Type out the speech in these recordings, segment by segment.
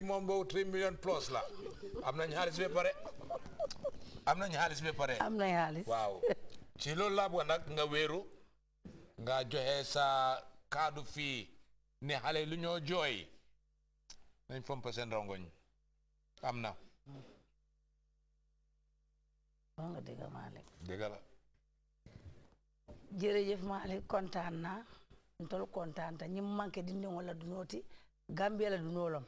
moom boobu 3 million plus la am nañ xaalis ba pare am nañ xaalis ba pare waaw ci loolu laa bëgg nag nga wéeru nga joxe sa kaddu fii ne xale lu ñoo jooy nañ fomp seen rongoñ am na wax nga dëgg Malick dëgg la jërëjëf Malick kontaan naa ntol kontaan ta ñi manqué dindi wala dunooti Gambie la dunoolam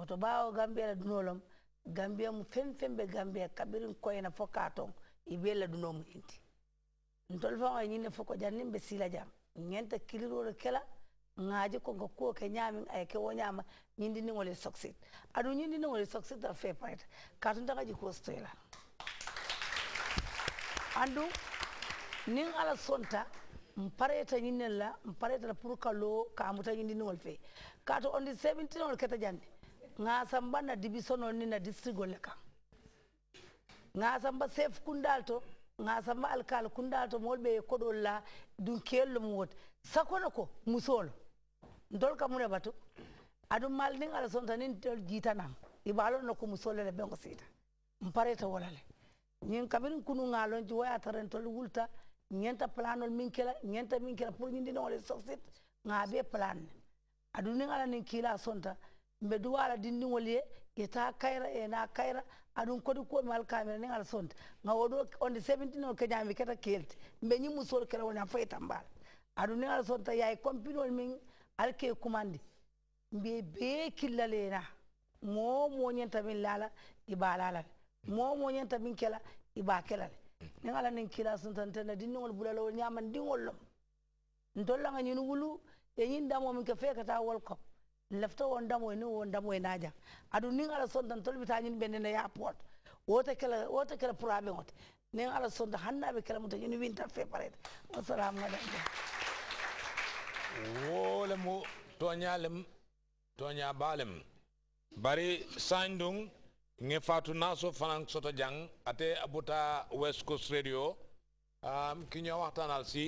woto ɓaawo gambiya ladunolam gambiya mu fen fen ɓe gambiya fo ka ton ibe ladunomu inti ntol faŋo ñinne fo ko jannin ɓe jam ñenta kilirole kela ŋaaji konko kuwo ke ñaamin aye ke wo ñaama ñindiniŋol ye soksit aduŋ ñindiniŋol ye soksit a fee andu niŋ ala sonta mpareta ñinnen la mpareta la pour ka loo ñindiniŋol fee kaatu ondi sebintinŋol keta jandi ngasamba na division onni na district golle kan ngasamba chef kundal to ngasamba alkal kundal to molɓe koɗol la ɗum kello mum woti sakono ko musol ndol ka mune batu aɗum mal nin ala sonta nin tol jitanam ibalo no ko musolo le ɓengo siita mpareta wolale ñin kabirin kunu ngalon ji waya taren wulta ñenta planol min kela ñenta min kela pour ñindinole soxsit nga be plan ne aɗum nin ala nin sonta meduwara dindiŋol ye ita kayra ena kayra aɗum kodi kuwomi alkamira ni ala sonta ga oɗo onde seventin o keñami keta kelte mbe ñi musol kela woni a fayi tan mbala aɗum ni ala sonta yaye compinol min alke kumandi mbiye be killal ena mo moñenta min lala ibalala mo mo moñenta min kela iba kelal ni ala nin kila suntantena dindiŋol bulalawol ñaman ndiŋol lom ntollaga ñin wulu e ñin damomin ke wol wolkom lefta on damoy ni on damoy naja adu nin ala sondan bita nyin bende na ya port wota kala wota kala problem wota nin ala sonda hanna be kala muta nyin winta fe pare assalamu alaikum wole mo toñalem toña balem bari sandung nge fatu naso fanan soto jang ate abuta west coast radio um, ki ñoo waxtaanal si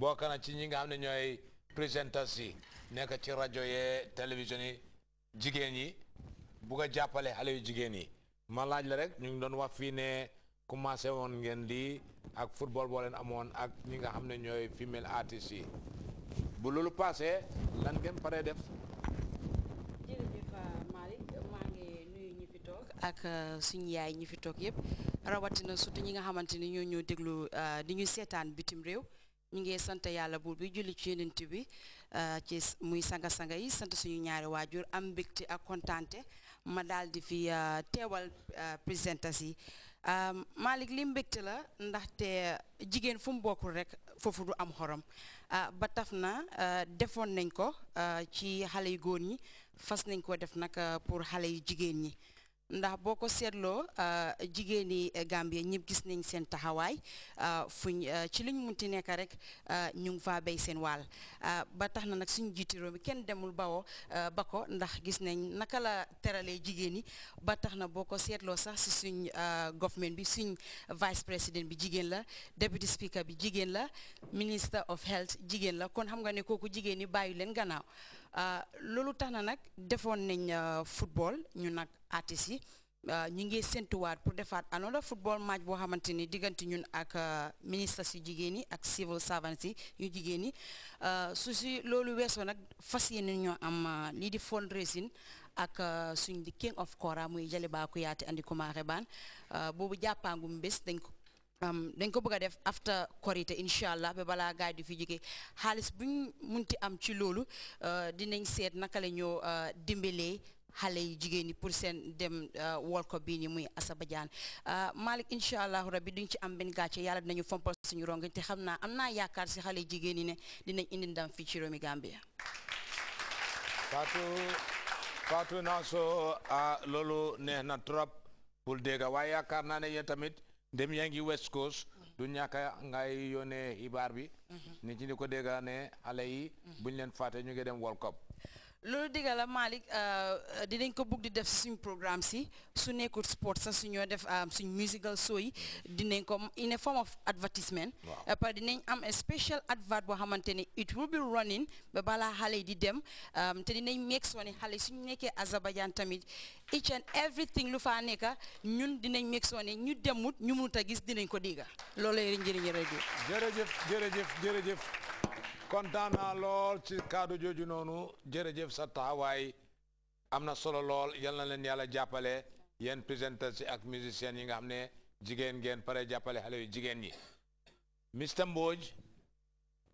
bokk ci ñi nga ñooy Presentasi, nekk ci radio ye television yi jigen yi bu ga jappale xale yu jigen yi ma laaj la rek ñu doon wax fi ne commencé won ngeen ak football bo len amone ak ñi nga xamne ñoy female artist yi bu lolu passé lan ngeen paré def. jërëjëf euh, ngi ak euh, suñu yaay ñi fi toog yëpp rawatina surtout ñi nga xamanteni ñoo ñoo déglu euh, di ñu sétane bitim réew. ñu ngi sant yàlla buur bi julli ci yonent bi euh, ci muy sanga-sanga yi sant suñu ñaari waajur am mbégte ak kontaante ma daal di fi euh, teewal euh, présentation yi Malick li mbégte la ndaxte jigéen fu bokkul rek foofu du am xorom ba taf na defoon nañ ko ci xale yu góor ñi fas nañ ko def nag pour xale yu jigéen ñi ndax boo ko seetloo euh, jigéen ñi Gambie ñëpp gis nañ seen taxawaay euh, fuñ euh, ci liñ munti nekk rek ñu ngi faa béy seen waal ba tax na nag suñu jiiti réew mi kenn demul bawoo ba ko ndax gis nañ naka la teralee jigéen ñi ba tax na boo ko seetloo sax si suñ government bi suñ vice président bi jigéen la deputy speaker bi jigéen la minister of health jigéen la kon xam nga ne kooku jigéen ñi bàyyi leen gannaaw. Euh, loolu tax na nag defoon nañ euh, football ñu nag artistes yi euh, ñu ngi séntuwaat pour defaat another football match boo xamante ni diggante ñun ak ministres yu jigéen yi ak civil servants yi yu jigéen yi su si loolu weesoo nag fas yéene ñoo am lii di fundraising ak suñ di king of kora muy Jaliba Kuyateh andi Kumare Ban boobu jàppaangum bés dañ ko Um, dañ ko bëgg a def after korité incha allah ba balaa gaay du fi jóge xaalis buñ munti am ci loolu uh, dinañ seet naka la ñoo uh, dimbalee xale yi jigéen ñi pour seen dem uh, wol ko bii nii muy Asabajaan Malick incha allah rabbi duñ ci am benn gàcce yàlla dinañu fompal suñu rongañ te xam naa am naa yaakaar si xale jigéen ñi ne dinañ indi ndam fii ci réew mi Gambia. Fatou Fatou ah, loolu neex na trop pour dégg waaye yaakaar naa ne yéen tamit. dem yaa ngi West Coast du ñàkk ngay yónnee ibaar bi mhm. nit ci di ko dégga ne xale yi mhm. buñu leen fàtte ñu ngi dem World Cup loolu dëgg la Malick euh, euh, dinañ ko bugg di def suñ programme si su nekkul sport sax su def euh, suñ musical show yi dinañ ko in a form of advertisement. parce que dinañ am a special advert boo xamante ni it will be running ba balaa xale di dem um, te dinañ make sure ne xale suñu nekkee Azerbaijan tamit each and everything lu faa nekk ñun dinañ make sure ñu demut ñu munut a gis dinañ ko dégg loolu yëpp njëriñ rajo. jërëjëf jërëjëf jërëjëf. kontaan naa lool ci kaddu jooju noonu jërëjëf sa taxawaay am na solo lool yal na leen yàlla jàppale yéen présentateurs yi ak musiciens yi nga xam ne jigéen ngeen pare jàppale xale yu jigéen ñi Mr Mbodj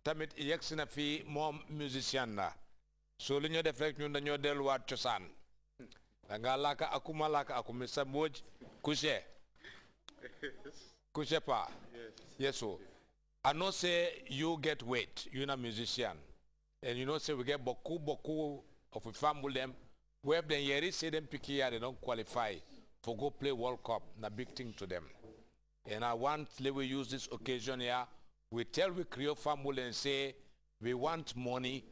tamit yegg si na fii moom musicien la soo lu ñu def rek ñun dañoo delluwaat cosaan da ngaa laaka aku ma laaka aku Mr Mbodj couché couché yesu I not say you get weight, you're not musician. And you know say we get boku boku of a family them. We have them here, say them pick here, they don't qualify for go play World Cup. Na big thing to them. And I want we use this occasion here. We tell we create family and say we want money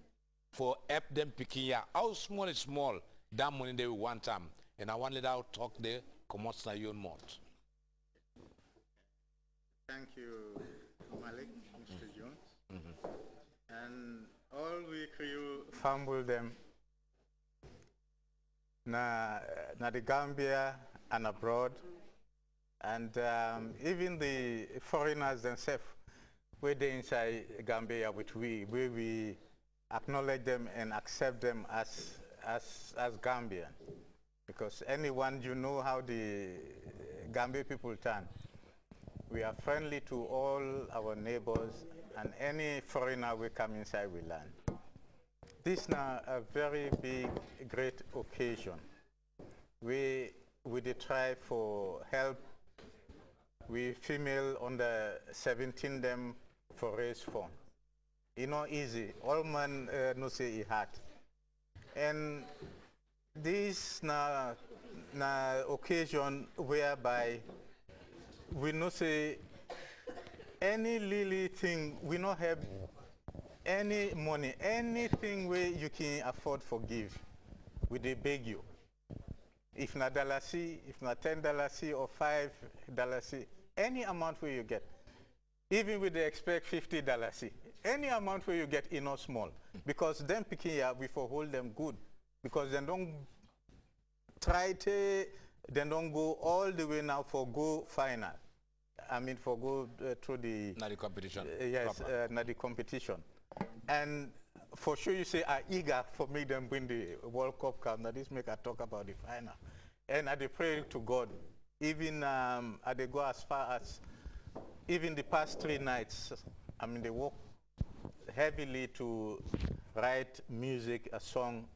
for help them picking here. How small is small, that money they will want them. Um, and I want let out talk there, come on, your mouth. Thank you. Malik, Mr. Jones, mm -hmm. and all we crew fumble them na na the Gambia and abroad, and um, even the foreigners themselves, where they inside Gambia, which we where we acknowledge them and accept them as as as Gambian, because anyone you know how the Gambia people turn. We are friendly to all our neighbors, and any foreigner we come inside, we learn. This is a very big, great occasion. We, we try for help. We female under 17 them for raise fund. You know, easy. All man uh, no say he had. And this now now occasion whereby we not say any little thing, we not have any money, anything where you can afford for give, we they beg you. If not dollar C, if not ten dollar C or five dollar C, any amount where you get, even with the expect fifty dollar C, any amount where you get in or small because them picking up we for hold them good because they don't try to they don't go all the way now for go final. I mean, for go uh, through the NADI competition. Uh, yes, uh, NADI competition, and for sure you say are eager for me them win the World Cup Come, that is this make I talk about the final, and I they pray to God. Even um, I they go as far as even the past three nights. I mean, they work heavily to write music, a song.